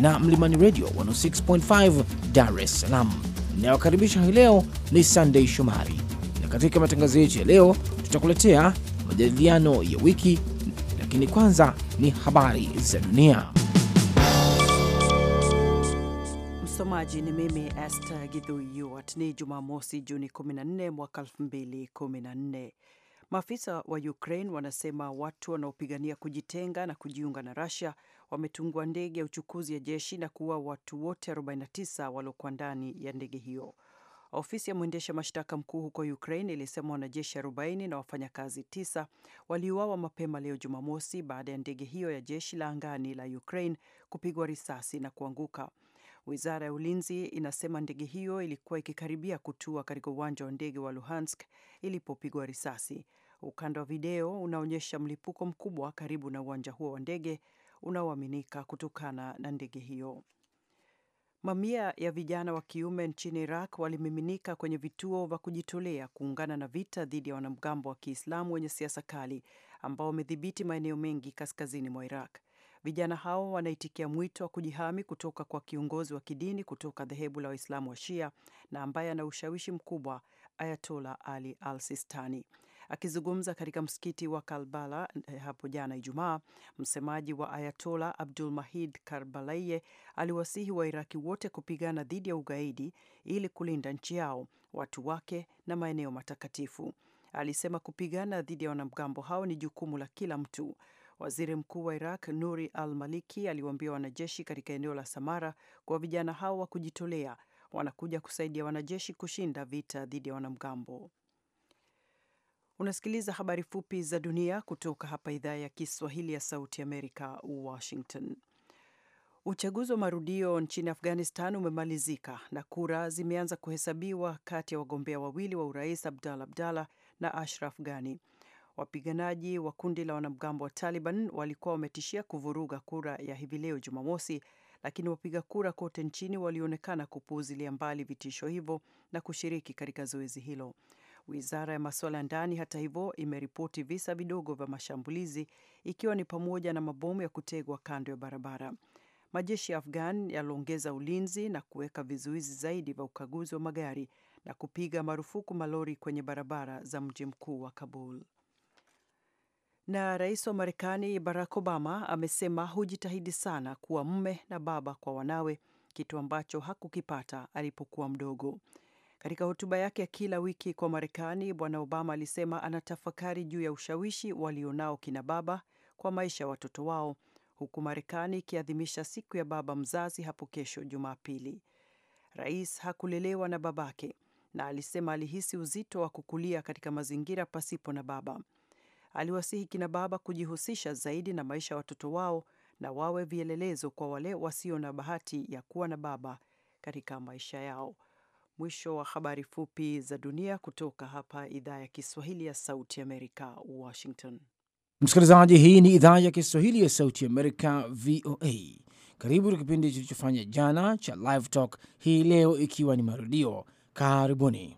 na Mlimani Radio 106.5 Dar es Salaam. Inayokaribisha hii leo ni Sunday Shomari, na katika matangazo yetu ya leo tutakuletea majadiliano ya wiki, lakini kwanza ni habari za dunia. Msomaji ni mimi Esther Githui ni Ni Jumamosi, Juni 14 mwaka 2014. Maafisa wa Ukraine wanasema watu wanaopigania kujitenga na kujiunga na Russia wametungua ndege ya uchukuzi ya jeshi na kuua watu wote 49 waliokuwa ndani ya ndege hiyo. Ofisi ya mwendesha mashtaka mkuu huko Ukraine ilisema wanajeshi 40 na wafanyakazi 9 waliuawa mapema leo Jumamosi baada ya ndege hiyo ya jeshi la angani la Ukraine kupigwa risasi na kuanguka. Wizara ya ulinzi inasema ndege hiyo ilikuwa ikikaribia kutua katika uwanja wa ndege wa Luhansk ilipopigwa risasi. Ukanda wa video unaonyesha mlipuko mkubwa karibu na uwanja huo wa ndege unaoaminika kutokana na ndege hiyo. Mamia ya vijana wa kiume nchini Iraq walimiminika kwenye vituo vya kujitolea kuungana na vita dhidi ya wanamgambo wa Kiislamu wenye siasa kali ambao wamedhibiti maeneo mengi kaskazini mwa Iraq. Vijana hao wanaitikia mwito wa kujihami kutoka kwa kiongozi wa kidini kutoka dhehebu la Waislamu wa Shia na ambaye ana ushawishi mkubwa, Ayatola Ali Al Sistani. Akizungumza katika msikiti wa Kalbala eh, hapo jana Ijumaa, msemaji wa Ayatola Abdul Mahid Karbalaye aliwasihi Wairaki wote kupigana dhidi ya ugaidi ili kulinda nchi yao, watu wake na maeneo matakatifu. Alisema kupigana dhidi ya wanamgambo hao ni jukumu la kila mtu. Waziri Mkuu wa Iraq Nuri al-Maliki aliwaambia wanajeshi katika eneo la Samara kwa vijana hao wa kujitolea wanakuja kusaidia wanajeshi kushinda vita dhidi ya wanamgambo. Unasikiliza habari fupi za dunia kutoka hapa idhaa ya Kiswahili ya Sauti Amerika, Washington. Uchaguzi wa marudio nchini Afghanistan umemalizika na kura zimeanza kuhesabiwa kati ya wagombea wawili wa urais Abdalla Abdallah na Ashraf Ghani. Wapiganaji wa kundi la wanamgambo wa Taliban walikuwa wametishia kuvuruga kura ya hivi leo Jumamosi, lakini wapiga kura kote nchini walionekana kupuuzilia mbali vitisho hivyo na kushiriki katika zoezi hilo. Wizara ya masuala ya ndani, hata hivyo, imeripoti visa vidogo vya mashambulizi ikiwa ni pamoja na mabomu ya kutegwa kando ya barabara. Majeshi ya Afghan yaliongeza ulinzi na kuweka vizuizi zaidi vya ukaguzi wa magari na kupiga marufuku malori kwenye barabara za mji mkuu wa Kabul. Na rais wa Marekani Barack Obama amesema hujitahidi sana kuwa mme na baba kwa wanawe, kitu ambacho hakukipata alipokuwa mdogo. Katika hotuba yake ya kila wiki kwa Marekani, Bwana Obama alisema anatafakari juu ya ushawishi walionao kina baba kwa maisha ya watoto wao, huku Marekani ikiadhimisha siku ya baba mzazi hapo kesho Jumapili. Rais hakulelewa na babake na alisema alihisi uzito wa kukulia katika mazingira pasipo na baba. Aliwasihi kina baba kujihusisha zaidi na maisha ya watoto wao na wawe vielelezo kwa wale wasio na bahati ya kuwa na baba katika maisha yao. Mwisho wa habari fupi za dunia kutoka hapa idhaa ya Kiswahili ya Sauti Amerika, Washington. Msikilizaji, hii ni idhaa ya Kiswahili ya Sauti Amerika, VOA. Karibu na kipindi kilichofanya jana cha Live Talk hii leo, ikiwa ni marudio. Karibuni.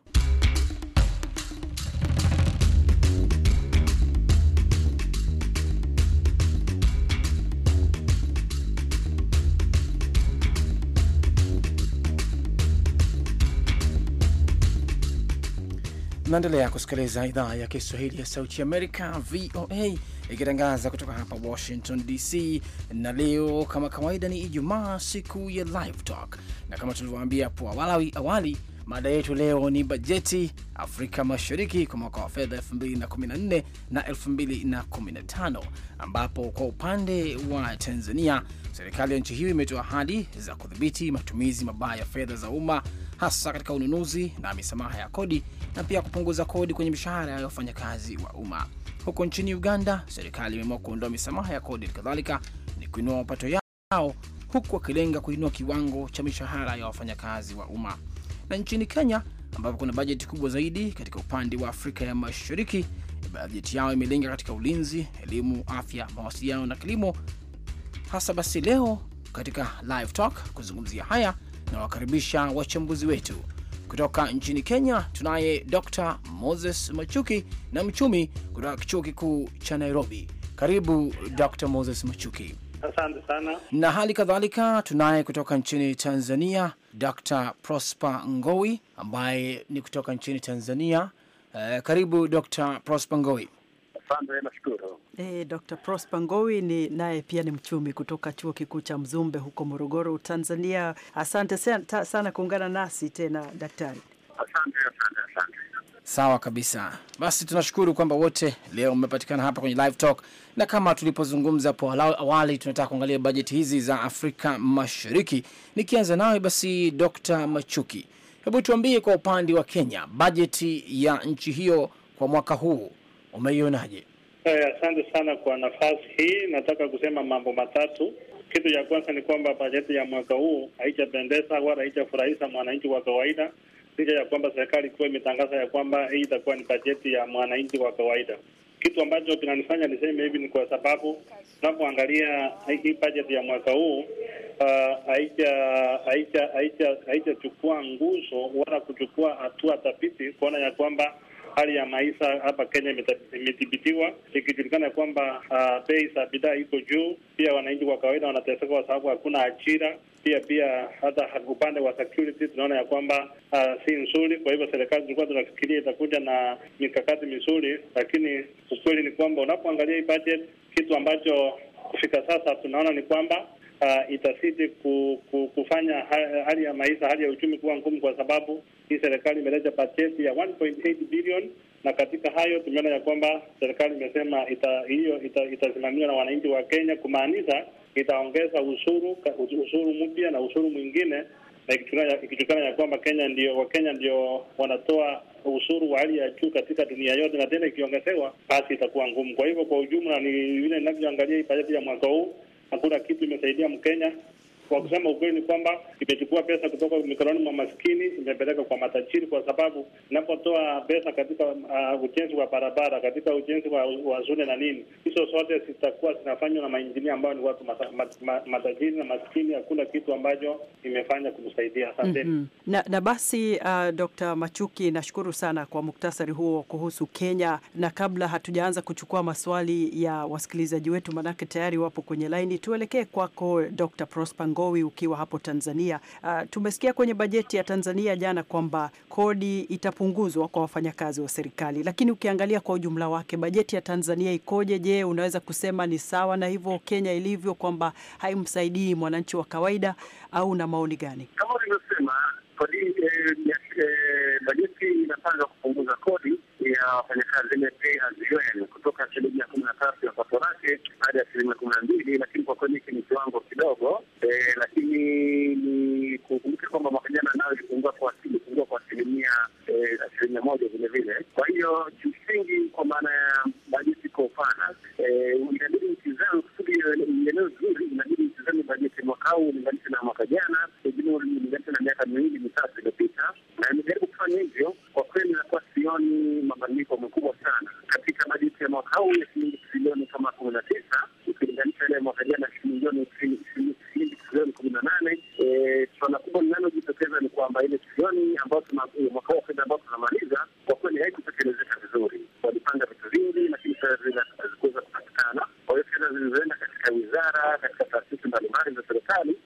naendelea kusikiliza idhaa ya Kiswahili ya Sauti Amerika, VOA, ikitangaza kutoka hapa Washington DC. Na leo kama kawaida ni Ijumaa, siku ya Live Talk, na kama tulivyoambia hapo awali, awali mada yetu leo ni bajeti Afrika Mashariki kwa mwaka wa fedha 2014 na 2015, ambapo kwa upande wa Tanzania serikali ya nchi hiyo imetoa ahadi za kudhibiti matumizi mabaya ya fedha za umma hasa katika ununuzi na misamaha ya kodi na pia kupunguza kodi kwenye mishahara ya wafanyakazi wa umma. Huko nchini Uganda, serikali imeamua kuondoa misamaha ya kodi, kadhalika ni kuinua mapato yao, huku wakilenga kuinua kiwango cha mishahara ya wafanyakazi wa umma. Na nchini Kenya ambapo kuna bajeti kubwa zaidi katika upande wa Afrika ya Mashariki, bajeti yao imelenga katika ulinzi, elimu, afya, mawasiliano na kilimo. Hasa basi leo katika live talk kuzungumzia haya Nawakaribisha wachambuzi wetu kutoka nchini Kenya. Tunaye Dr Moses Machuki na mchumi kutoka chuo kikuu cha Nairobi. Karibu Dr Moses Machuki. Asante sana. Na hali kadhalika tunaye kutoka nchini Tanzania Dr Prosper Ngowi ambaye ni kutoka nchini Tanzania. uh, karibu Dr Prosper Ngowi. Asante, nashukuru. Eh, Dr. Prosper Ngowi ni naye pia ni mchumi kutoka Chuo Kikuu cha Mzumbe huko Morogoro, Tanzania. Asante sana, sana kuungana nasi tena daktari. Asante, asante, asante. Sawa kabisa. Basi tunashukuru kwamba wote leo mmepatikana hapa kwenye live talk, na kama tulipozungumza hapo awali, tunataka kuangalia bajeti hizi za Afrika Mashariki. Nikianza nawe basi, Dr. Machuki, hebu tuambie kwa upande wa Kenya, bajeti ya nchi hiyo kwa mwaka huu umeionaje? Eh, asante sana kwa nafasi hii. Nataka kusema mambo matatu. Kitu cha kwanza ni kwamba bajeti ya mwaka huu haijapendeza wala haijafurahisha mwananchi wa kawaida, licha ya kwamba serikali ikiwa imetangaza ya kwamba hii itakuwa ni bajeti ya mwananchi wa kawaida. Kitu ambacho kinanifanya niseme hivi ni kwa sababu tunapoangalia hii bajeti ya mwaka huu ah, haijachukua nguzo wala kuchukua hatua thabiti kuona ya kwamba hali ya maisha hapa Kenya imedhibitiwa ikijulikana kwamba uh, bei za bidhaa iko juu. Pia wananchi kwa kawaida wanateseka kwa sababu hakuna ajira. Pia pia hata upande wa security tunaona ya kwamba uh, si nzuri. Kwa hivyo serikali tulikuwa tunafikiria itakuja na mikakati mizuri, lakini ukweli ni kwamba unapoangalia hii budget, kitu ambacho kufika sasa tunaona ni kwamba Uh, itasidi ku, ku, kufanya hali ya maisha, hali ya uchumi kuwa ngumu, kwa sababu hii serikali imeleta bajeti ya 1.8 billion na katika hayo tumeona ya kwamba serikali imesema hiyo ita, itasimamiwa ita na wananchi wa Kenya, kumaanisha itaongeza ushuru ushuru mpya na ushuru mwingine, na ikichukana ya kwamba Kenya ndio Wakenya ndio wanatoa ushuru wa hali ya juu katika dunia yote, na tena ikiongezewa basi itakuwa ngumu. Kwa hivyo, kwa ujumla, ni vile ninavyoangalia hii bajeti ya mwaka huu, hakuna kitu imesaidia Mkenya kwa kusema ukweli, ni kwamba imechukua pesa kutoka mikononi mwa maskini imepeleka kwa matajiri, kwa sababu inapotoa pesa katika uh, ujenzi wa barabara, katika ujenzi wa, wa zune na nini, hizo zote zitakuwa zinafanywa na mainjinia ambao ni watu mata, mat, mat, matajiri na maskini. Hakuna kitu ambacho imefanya kumsaidia. Asanteni. mm -hmm. Na, na basi uh, Dr. Machuki, nashukuru sana kwa muktasari huo kuhusu Kenya, na kabla hatujaanza kuchukua maswali ya wasikilizaji wetu, manake tayari wapo kwenye laini, tuelekee kwako Dr. Prosper Ngowi, ukiwa hapo Tanzania. Uh, tumesikia kwenye bajeti ya Tanzania jana kwamba kodi itapunguzwa kwa wafanyakazi wa serikali, lakini ukiangalia kwa ujumla wake bajeti ya Tanzania ikoje? Je, unaweza kusema ni sawa na hivyo Kenya ilivyo kwamba haimsaidii mwananchi wa kawaida au na maoni gani? Kama ulivyosema, kodi eh, eh, bajeti inapanga kupunguza kodi ya wafanyakazi imepia UN kutoka asilimia kumi na tatu ya pato lake hadi asilimia kumi na mbili lakini kwa kweli hiki ni kiwango kidogo, e, lakini ni kukumbuka kwamba mwaka jana nayo ilipungua kwa ilipungua kwa asilimia e, asilimia moja vile vile. Kwa hiyo kimsingi, kwa maana ya bajeti kwa upana, e, inabidi mtizame kusudi ielewe vizuri, inabidi mtizame bajeti mwaka huu ulinganisha na mwaka jana. zilizoenda katika wizara, katika taasisi mbalimbali za serikali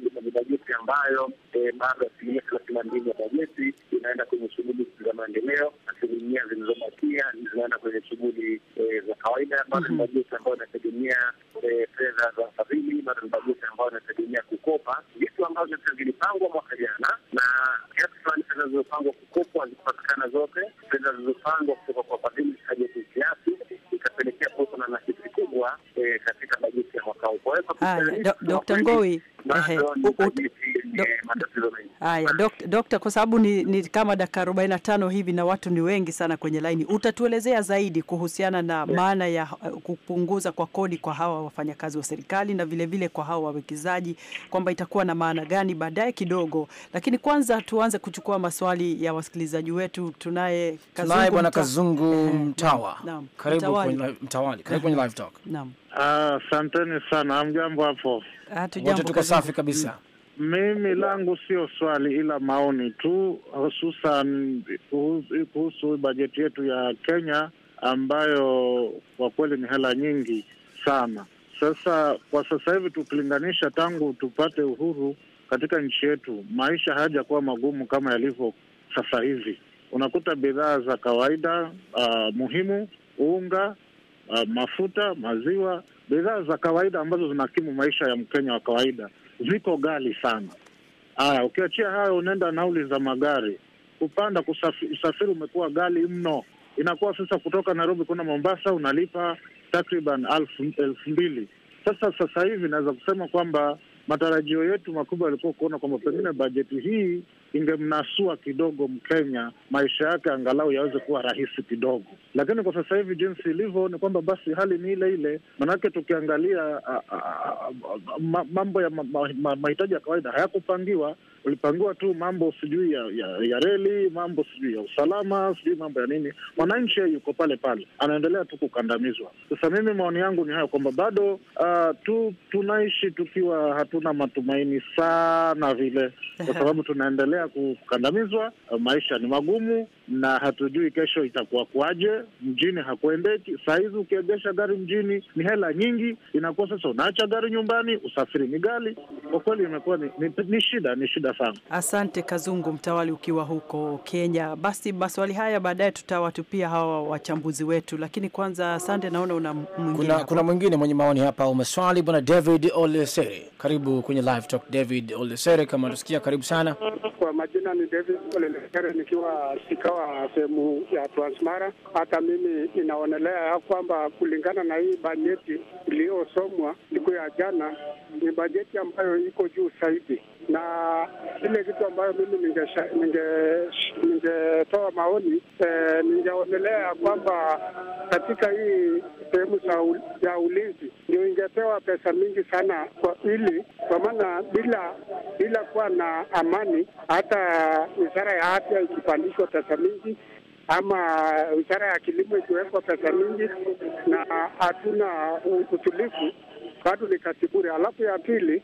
ni bajeti ambayo eh, bado asilimia thelathini na mbili ya bajeti inaenda kwenye shughuli za maendeleo, asilimia zilizobakia zinaenda kwenye shughuli eh, za kawaida. Bado ni mhm. bajeti ambayo inategemea eh, fedha za fadhili bado ni bajeti ambayo inategemea kukopa, vitu ambavyo vilipangwa mwaka jana na kiasi fulani. Fedha zilizopangwa kukopwa hazikupatikana zote, fedha zilizopangwa kutoka kwa wafadhili zikaja kiasi, ikapelekea kuwepo na nakisi kubwa katika bajeti ya mwaka huu. Kwa hiyo Dokta Ngowi はいはい Haya, dokta, dokta, kwa sababu ni, ni kama dakika 45 hivi na watu ni wengi sana kwenye laini, utatuelezea zaidi kuhusiana na yeah, maana ya uh, kupunguza kwa kodi kwa hawa wafanyakazi wa serikali na vilevile vile kwa hawa wawekezaji kwamba itakuwa na maana gani baadaye kidogo, lakini kwanza tuanze kuchukua maswali ya wasikilizaji wetu. Tunaye Kazungu, bwana Kazungu eh, eh, Mtawa, karibu kwenye Mtawali, karibu kwenye live talk. Naam, asanteni sana. Hamjambo hapo? tuko safi kabisa. Mm. Mimi langu sio swali, ila maoni tu, hususan kuhusu bajeti yetu ya Kenya ambayo kwa kweli ni hela nyingi sana. Sasa kwa sasa hivi tukilinganisha tangu tupate uhuru katika nchi yetu, maisha hayajakuwa magumu kama yalivyo sasa hivi. Unakuta bidhaa za kawaida uh, muhimu unga, uh, mafuta, maziwa, bidhaa za kawaida ambazo zinakimu maisha ya Mkenya wa kawaida ziko ghali sana. Haya, ukiachia hayo, unaenda nauli za magari, kupanda usafiri umekuwa ghali mno. Inakuwa sasa kutoka Nairobi kwenda Mombasa unalipa takriban elfu mbili. Sasa sasa hivi naweza kusema kwamba matarajio yetu makubwa yalikuwa kuona kwamba pengine bajeti hii ingemnasua kidogo Mkenya, maisha yake angalau yaweze kuwa rahisi kidogo. Lakini kwa sasa hivi jinsi ilivyo ni kwamba basi hali ni ile ile, manake tukiangalia a, ah, a, ah, a, ah, a, ma, mambo ya mahitaji ma, ma, ma ya kawaida hayakupangiwa walipangua tu mambo sijui ya, ya, ya reli, mambo sijui ya usalama, sijui mambo ya nini. Mwananchi yuko pale pale, anaendelea tu kukandamizwa. Sasa mimi maoni yangu ni hayo kwamba bado uh, tu tunaishi tukiwa hatuna matumaini sana vile, kwa sababu tunaendelea kukandamizwa. Uh, maisha ni magumu na hatujui kesho itakuwa kwaje. Mjini hakuendeki sahizi, ukiegesha gari mjini ni hela nyingi, inakuwa sasa unaacha gari nyumbani, usafiri ni gari Kwa kweli imekuwa ni, ni, ni shida, ni shida sana Asante Kazungu Mtawali, ukiwa huko Kenya. Basi maswali haya baadaye tutawatupia hawa wachambuzi wetu, lakini kwanza, asante. Naona una mwingine, kuna, kuna mwingine mwenye maoni hapa umeswali. Bwana David Olesere, karibu kwenye Live Talk. David Olesere, kama unasikia, karibu sana. Kwa majina ni David Olesere, nikiwa sikawa sehemu ya Transmara. Hata mimi inaonelea ya kwamba kulingana na hii bajeti iliyosomwa siku ya jana, ni bajeti ambayo iko juu zaidi na ile kitu ambayo mimi ningetoa ninge, ninge maoni eh, ningeonelea ya kwamba katika hii sehemu ya ulinzi ndio ingepewa pesa mingi sana kwa ili kwa maana bila bila kuwa na amani, hata wizara ya afya ikipandishwa pesa mingi ama wizara ya kilimo ikiwekwa pesa mingi na hatuna utulivu bado ni kasiburi. Alafu ya pili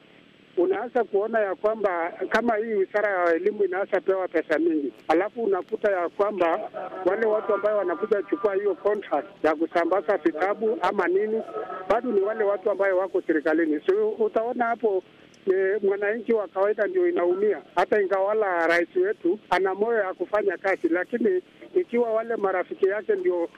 unaanza kuona ya kwamba kama hii wizara ya elimu inaanza pewa pesa mingi, alafu unakuta ya kwamba wale watu ambayo wanakuja chukua hiyo contract ya kusambaza vitabu ama nini, bado ni wale watu ambayo wako serikalini. So utaona hapo E, mwananchi wa kawaida ndio inaumia, hata ingawala rais wetu ana moyo ya kufanya kazi, lakini ikiwa wale marafiki yake ndio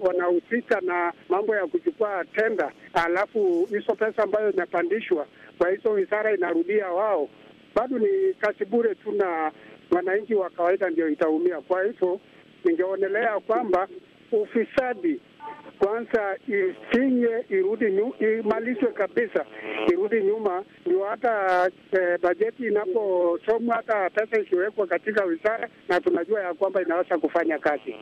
wanahusika wana na mambo ya kuchukua tenda, alafu hizo pesa ambayo inapandishwa kwa hizo wizara inarudia wao, bado ni kazi bure tu, na wananchi wa kawaida ndio itaumia. Kwa hivyo ningeonelea kwamba ufisadi kwanza ifinye irudi nyu, imalizwe kabisa, irudi nyuma, ndio hata e, bajeti inaposomwa hata pesa ikiwekwa katika wizara, na tunajua ya kwamba inaweza kufanya kazi.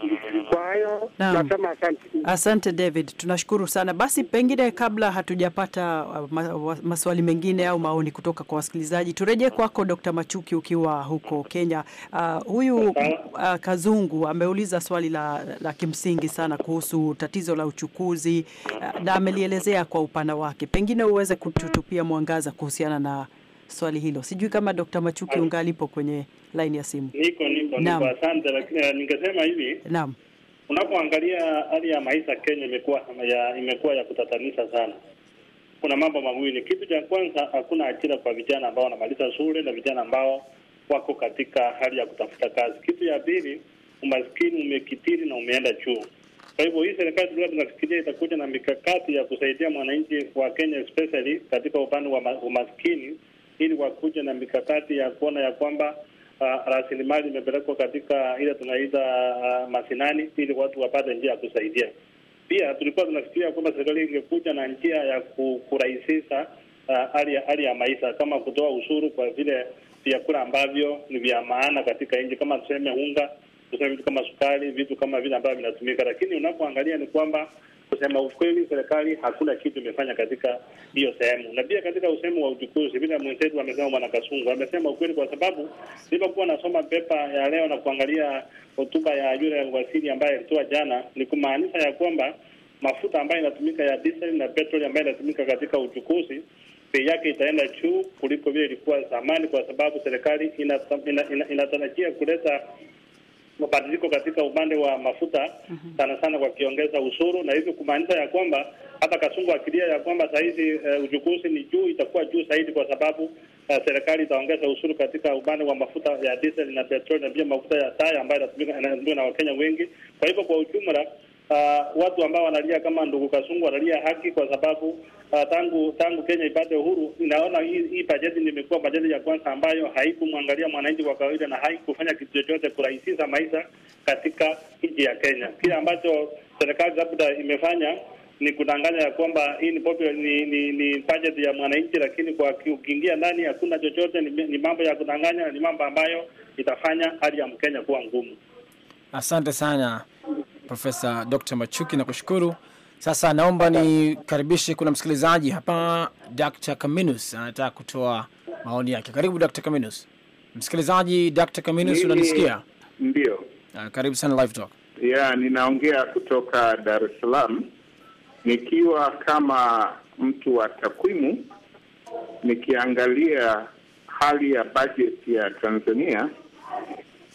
Kwa hayo nasema asante. Asante David, tunashukuru sana. Basi pengine kabla hatujapata uh, maswali mengine au maoni kutoka kwa wasikilizaji, turejee kwako Dr. Machuki ukiwa huko Kenya. Uh, huyu uh, Kazungu ameuliza swali la, la kimsingi sana kuhusu tatizo la la uchukuzi, eh, na amelielezea kwa upana wake. Pengine uweze kututupia mwangaza kuhusiana na swali hilo. Sijui kama Dr. Machuki ungalipo kwenye line ya simu. Niko, niko, niko. Asante, lakini eh, ningesema hivi. Naam. Unapoangalia hali ya maisha Kenya imekuwa ya, imekuwa ya kutatanisha sana. Kuna mambo mawili. Kitu cha kwanza, hakuna ajira kwa vijana ambao wanamaliza shule na vijana ambao wako katika hali ya kutafuta kazi. Kitu ya pili, umaskini umekitiri na umeenda juu. Kwa hivyo hii serikali tulikuwa tunafikiria itakuja na mikakati ya kusaidia mwananchi wa Kenya especially katika upande wa umaskini, ili wakuja na mikakati ya kuona ya kwamba uh, rasilimali imepelekwa katika ile tunaita uh, ah, masinani, ili watu wapate njia ya kusaidia. Pia tulikuwa tunafikiria kwamba serikali ingekuja na njia ya kurahisisha ah, hali uh, ya maisha kama kutoa ushuru kwa vile vyakula ambavyo ni vya maana katika nchi, kama tuseme unga tuseme vitu kama sukari, vitu kama vile ambavyo vinatumika, lakini unapoangalia ni kwamba kusema ukweli, serikali hakuna kitu imefanya katika hiyo sehemu. Na pia katika usehemu wa uchukuzi, vile mwenzetu amesema, Bwana Kasungu amesema ukweli, kwa sababu nilipokuwa nasoma pepa ya leo na kuangalia hotuba ya yule waziri ambaye alitoa jana, ni kumaanisha ya kwamba mafuta ambayo inatumika ya diesel na petroli ambayo inatumika katika uchukuzi bei yake itaenda juu kuliko vile ilikuwa zamani, kwa sababu serikali inatarajia ina, ina, ina kuleta mabadiliko katika upande wa mafuta mhm. sana sana kwa kiongeza ushuru, na hivyo kumaanisha ya kwamba hata Kasungu akilia ya kwamba sahizi uh, eh, uchukuzi ni juu, itakuwa juu zaidi kwa sababu uh, serikali itaongeza ushuru katika upande wa mafuta ya diesel na petroli na pia mafuta ya taa ambayo yanatumika na Wakenya wengi. Kwa hivyo kwa ujumla, uh, watu ambao wanalia kama ndugu Kasungu wanalia haki, kwa sababu uh, tangu tangu Kenya ipate uhuru, inaona hii, hii bajeti nimekuwa bajeti ya kwanza ambayo haikumwangalia mwananchi wa kawaida na haikufanya kitu chochote kurahisisha maisha katika nchi ya Kenya. Kile ambacho serikali labda imefanya ni kudanganya ya kwamba hii ni popular, ni, ni, ni budget ya mwananchi, lakini kwa ukiingia ndani hakuna chochote, ni, ni mambo ya kudanganya, ni mambo ambayo itafanya hali ya Mkenya kuwa ngumu. Asante sana Profesa Dr. Machuki, nakushukuru. Sasa naomba nikaribishe, kuna msikilizaji hapa, Dr. Kaminus anataka kutoa maoni yake. Karibu Dr. Kaminus. Msikilizaji Dr. Kaminus, unanisikia? Ndio. Uh, karibu sana Live Talk. Yeah, ninaongea kutoka Dar es Salaam nikiwa kama mtu wa takwimu, nikiangalia hali ya bajeti ya Tanzania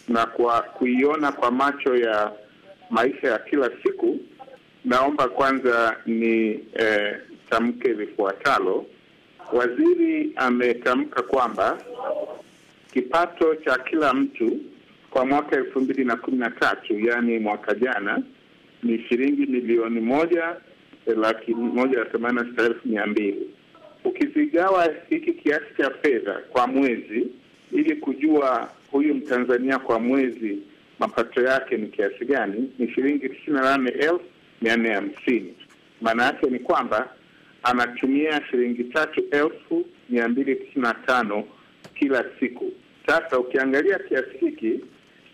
na kwa kuiona kwa macho ya maisha ya kila siku Naomba kwanza ni eh, tamke vifuatalo. Waziri ametamka kwamba kipato cha kila mtu kwa mwaka elfu mbili na kumi na tatu yaani mwaka jana ni shilingi milioni moja eh, laki moja na themanini na sita elfu mia mbili. Ukizigawa hiki kiasi cha fedha kwa mwezi ili kujua huyu Mtanzania kwa mwezi mapato yake ni kiasi gani, ni shilingi tisini na nane elfu mia nne hamsini. Maana yake ni kwamba anatumia shilingi tatu elfu mia mbili tisini na tano kila siku. Sasa ukiangalia kiasi hiki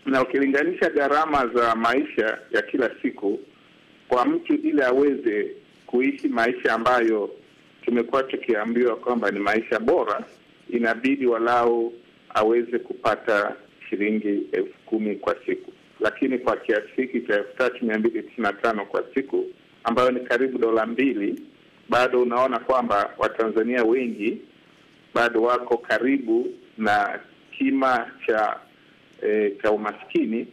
na ukilinganisha gharama za maisha ya kila siku kwa mtu ili aweze kuishi maisha ambayo tumekuwa tukiambiwa kwamba ni maisha bora, inabidi walau aweze kupata shilingi elfu kumi kwa siku lakini kwa kiasi hiki cha elfu tatu mia mbili tisini na tano kwa siku ambayo ni karibu dola mbili, bado unaona kwamba Watanzania wengi bado wako karibu na kima cha e, cha umaskini,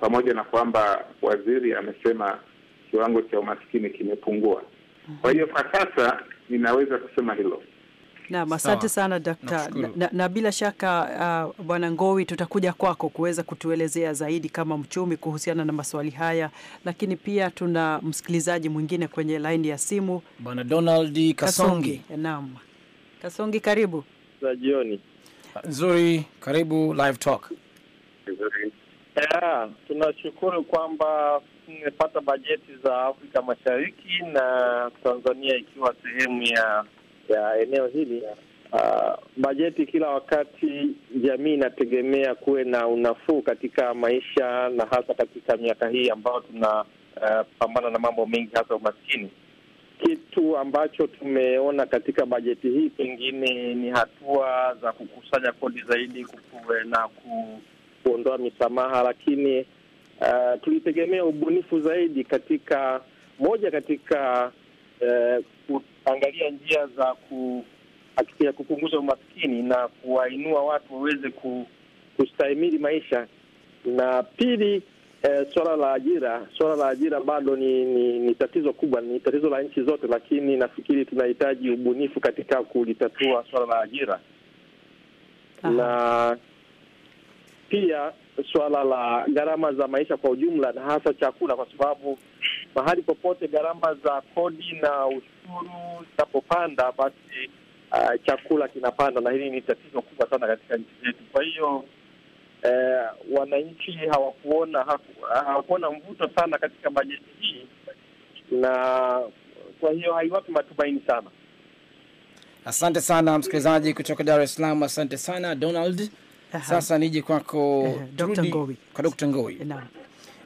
pamoja na kwamba waziri amesema kiwango cha umaskini kimepungua. Kwa hiyo kwa sasa ninaweza kusema hilo. Naam, asante sana dakta na, na, na bila shaka uh, bwana Ngowi, tutakuja kwako kuweza kutuelezea zaidi kama mchumi kuhusiana na maswali haya, lakini pia tuna msikilizaji mwingine kwenye laini ya simu bwana Donald Kasongi. Naam, Kasongi, karibu za jioni nzuri, karibu live talk. Yeah, tunashukuru kwamba tumepata bajeti za Afrika Mashariki na Tanzania ikiwa sehemu ya ya eneo hili uh, bajeti kila wakati jamii inategemea kuwe na unafuu katika maisha, na hasa katika miaka hii ambayo tunapambana uh, na mambo mengi, hasa umaskini. Kitu ambacho tumeona katika bajeti hii pengine ni hatua za kukusanya kodi zaidi kukuwe na ku, kuondoa misamaha, lakini uh, tulitegemea ubunifu zaidi katika moja katika uh, kuangalia njia za ku, kupunguza umaskini na kuwainua watu waweze ku, kustahimili maisha. Na pili eh, swala la ajira, swala la ajira bado ni, ni, ni tatizo kubwa, ni tatizo la nchi zote, lakini nafikiri tunahitaji ubunifu katika kulitatua swala la ajira. Aha. na pia swala la gharama za maisha kwa ujumla na hasa chakula, kwa sababu mahali popote gharama za kodi na ushuru zinapopanda, basi uh, chakula kinapanda, na hili ni tatizo kubwa sana katika nchi zetu. Kwa hiyo uh, wananchi hawakuona hawakuona mvuto sana katika bajeti hii, na kwa hiyo haiwapi matumaini sana. Asante sana msikilizaji kutoka Dar es Salaam. Asante sana Donald. Aha. Sasa nije kwako kwa Dr. Ngowi.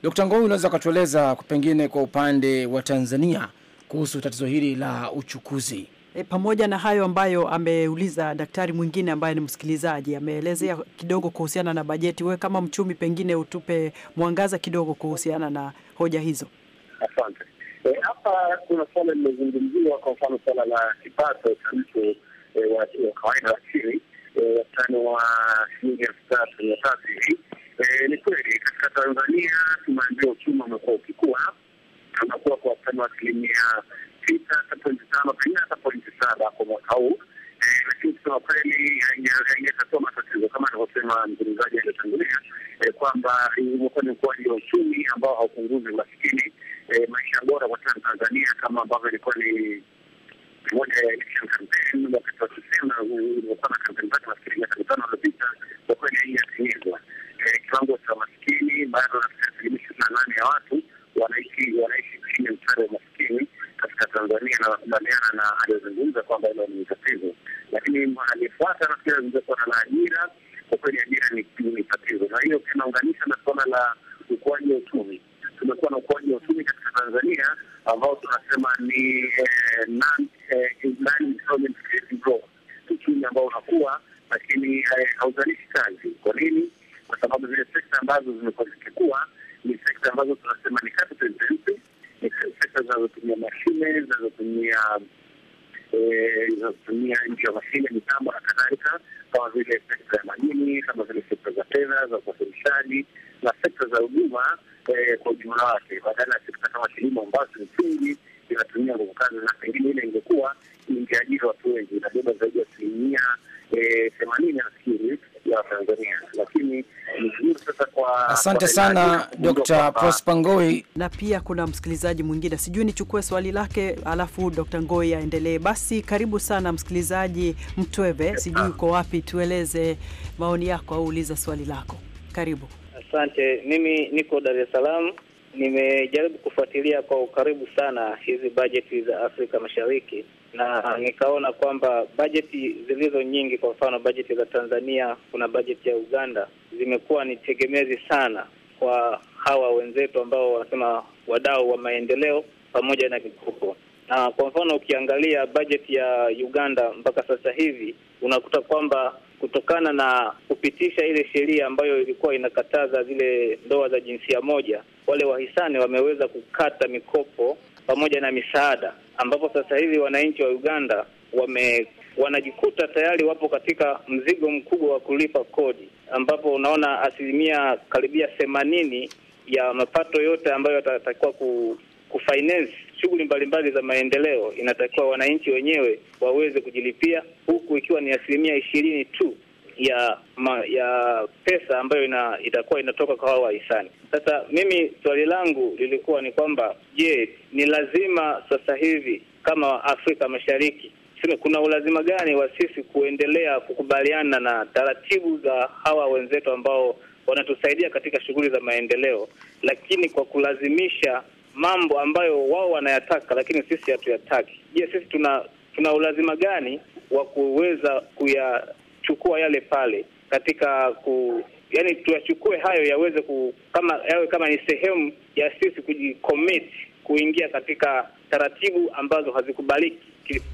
Dkt. ngoi unaweza ukatueleza pengine kwa upande wa Tanzania kuhusu tatizo hili la uchukuzi? E, pamoja na hayo ambayo ameuliza daktari mwingine ambaye ni msikilizaji, ameelezea kidogo kuhusiana na bajeti. Wewe kama mchumi, pengine utupe mwangaza kidogo kuhusiana na hoja hizo. Asante. E, hapa kuna suala limezungumziwa, kwa mfano suala la kipato cha mtu e, wa kawaida wa chini, e, wastani wa shilingi elfu tatu mia tatu hivi Eh, ni kweli katika Tanzania tumeambiwa uchumi umekuwa ukikua, unakuwa kwa wastani wa asilimia sita hata pointi tano pengine hata pointi saba kwa mwaka huu, eh, lakini kusema kweli haingetatua matatizo kama anavyosema mzungumzaji aliyotangulia eh, kwamba umekuwa ni ukuaji wa uchumi ambao haupunguzi inazotumia nchi ya mashine, mitambo na kadhalika, kama vile sekta ya madini, kama vile sekta za fedha za usafirishaji na sekta za huduma eh, kwa ujumla wake, badala ya sekta kama kilimo ambazo msingi inatumia nguvu kazi na pengine ile ingekuwa ingeajiri watu wengi, inabeba zaidi ya asilimia eh, themanini nafikiri ya Tanzania, lakini asante sana Dr. Prosper Ngoi. Na pia kuna msikilizaji mwingine, sijui nichukue swali lake alafu Dr. Ngoi aendelee. Basi karibu sana msikilizaji Mtweve, sijui uko wapi, tueleze maoni yako au uliza swali lako. Karibu. Asante, mimi niko Dar es Salaam. Nimejaribu kufuatilia kwa ukaribu sana hizi bajeti za Afrika Mashariki na nikaona kwamba bajeti zilizo nyingi, kwa mfano bajeti za Tanzania, kuna bajeti ya Uganda, zimekuwa ni tegemezi sana kwa hawa wenzetu ambao wanasema wadau wa maendeleo pamoja na mikopo. Na kwa mfano ukiangalia bajeti ya Uganda mpaka sasa hivi unakuta kwamba kutokana na kupitisha ile sheria ambayo ilikuwa inakataza zile ndoa za jinsia moja, wale wahisani wameweza kukata mikopo pamoja na misaada ambapo sasa hivi wananchi wa Uganda wame wanajikuta tayari wapo katika mzigo mkubwa wa kulipa kodi, ambapo unaona asilimia karibia themanini ya mapato yote ambayo yatatakiwa ku kufinance shughuli mbalimbali za maendeleo inatakiwa wananchi wenyewe waweze kujilipia, huku ikiwa ni asilimia ishirini tu ya ma, ya pesa ambayo ina, itakuwa inatoka kwa hao wahisani. Sasa mimi swali langu lilikuwa ni kwamba je, ni lazima sasa hivi kama Afrika Mashariki kuna ulazima gani wa sisi kuendelea kukubaliana na taratibu za hawa wenzetu ambao wanatusaidia katika shughuli za maendeleo, lakini kwa kulazimisha mambo ambayo wao wanayataka, lakini sisi hatuyataki? Je, sisi tuna tuna ulazima gani wa kuweza kuya kuchukua yale pale katika ku yani, tuyachukue hayo yaweze ku, kama yawe kama ni sehemu ya sisi kujikomiti kuingia katika taratibu ambazo hazikubaliki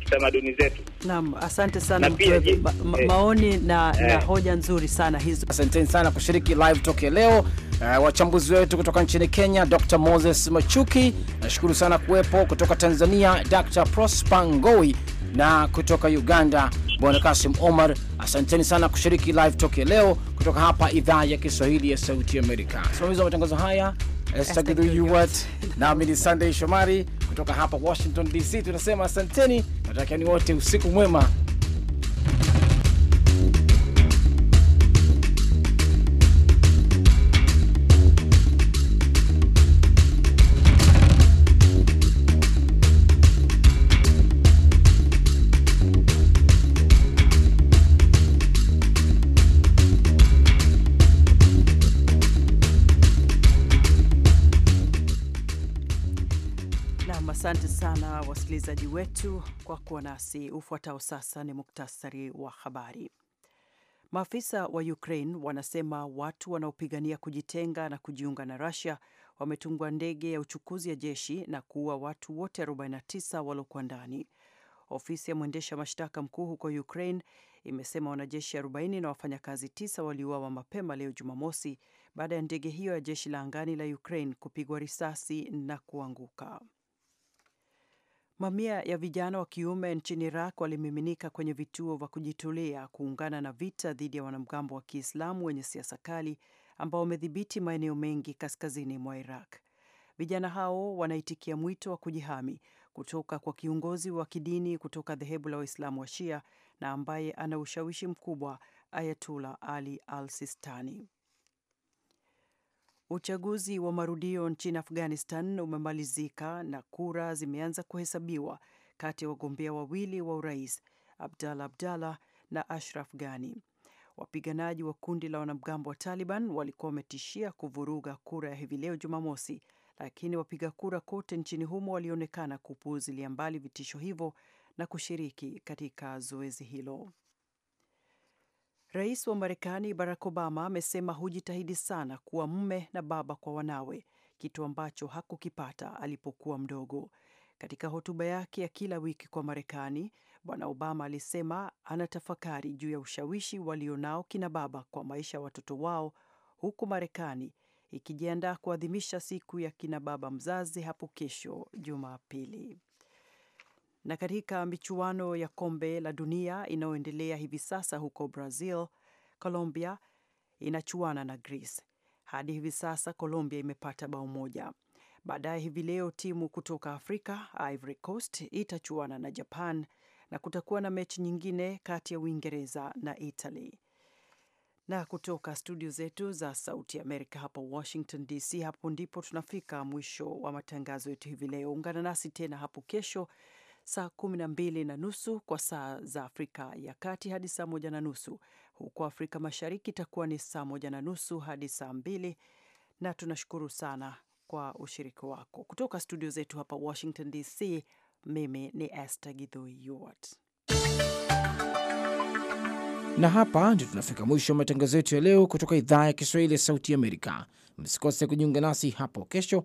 kitamaduni zetu. Naam, asante sana na pia, ma ma eh. maoni na, eh, na hoja nzuri sana hizo. Asanteni sana kushiriki live talk leo. Uh, wachambuzi wetu kutoka nchini Kenya Dr. Moses Machuki, nashukuru sana kuwepo, kutoka Tanzania Dr. Prosper Ngoi na kutoka Uganda Bwana Kasim Omar, asanteni sana kushiriki live talk ya leo kutoka hapa idhaa ya Kiswahili ya Sauti Amerika. simamizi wa matangazo haya eh, Estagiduyuwat, nami ni sandey Shomari kutoka hapa Washington DC. Tunasema asanteni, natakiani wote usiku mwema. sana wasikilizaji wetu kwa kuwa nasi. Ufuatao sasa ni muktasari wa habari. Maafisa wa Ukraine wanasema watu wanaopigania kujitenga na kujiunga na Russia wametungwa ndege ya uchukuzi ya jeshi na kuua watu wote 49 waliokuwa ndani. Ofisi ya mwendesha mashtaka mkuu huko Ukraine imesema wanajeshi 40 na wafanyakazi tisa waliuawa mapema leo Jumamosi baada ya ndege hiyo ya jeshi la angani la Ukraine kupigwa risasi na kuanguka. Mamia ya vijana wa kiume nchini Iraq walimiminika kwenye vituo vya kujitolea kuungana na vita dhidi ya wanamgambo wa Kiislamu wenye siasa kali ambao wamedhibiti maeneo mengi kaskazini mwa Iraq. Vijana hao wanaitikia mwito wa kujihami kutoka kwa kiongozi wa kidini kutoka dhehebu la Waislamu wa Shia na ambaye ana ushawishi mkubwa, Ayatullah Ali al-Sistani. Uchaguzi wa marudio nchini Afghanistan umemalizika na kura zimeanza kuhesabiwa kati ya wagombea wawili wa urais, abdallah abdallah na Ashraf Ghani. Wapiganaji wa kundi la wanamgambo wa Taliban walikuwa wametishia kuvuruga kura ya hivi leo Jumamosi, lakini wapiga kura kote nchini humo walionekana kupuuzilia mbali vitisho hivyo na kushiriki katika zoezi hilo. Rais wa Marekani Barack Obama amesema hujitahidi sana kuwa mme na baba kwa wanawe, kitu ambacho hakukipata alipokuwa mdogo. Katika hotuba yake ya kila wiki kwa Marekani, Bwana Obama alisema anatafakari juu ya ushawishi walionao kina baba kwa maisha ya watoto wao, huku Marekani ikijiandaa kuadhimisha siku ya kina baba mzazi hapo kesho Jumapili. Na katika michuano ya kombe la dunia inayoendelea hivi sasa huko Brazil, Colombia inachuana na Greece. Hadi hivi sasa Colombia imepata bao moja. Baadaye hivi leo timu kutoka Afrika, Ivory Coast, itachuana na Japan na kutakuwa na mechi nyingine kati ya Uingereza na Italy. Na kutoka studio zetu za Sauti ya Amerika hapa Washington DC, hapo ndipo tunafika mwisho wa matangazo yetu hivi leo. Ungana nasi tena hapo kesho saa 12 na nusu kwa saa za Afrika ya Kati hadi saa moja na nusu huku Afrika Mashariki itakuwa ni saa moja na nusu hadi saa mbili na tunashukuru sana kwa ushiriki wako kutoka studio zetu hapa Washington DC. Mimi ni Esther Githui na hapa ndio tunafika mwisho wa matangazo yetu ya leo kutoka idhaa ya Kiswahili ya Sauti Amerika. Msikose kujiunga nasi hapo kesho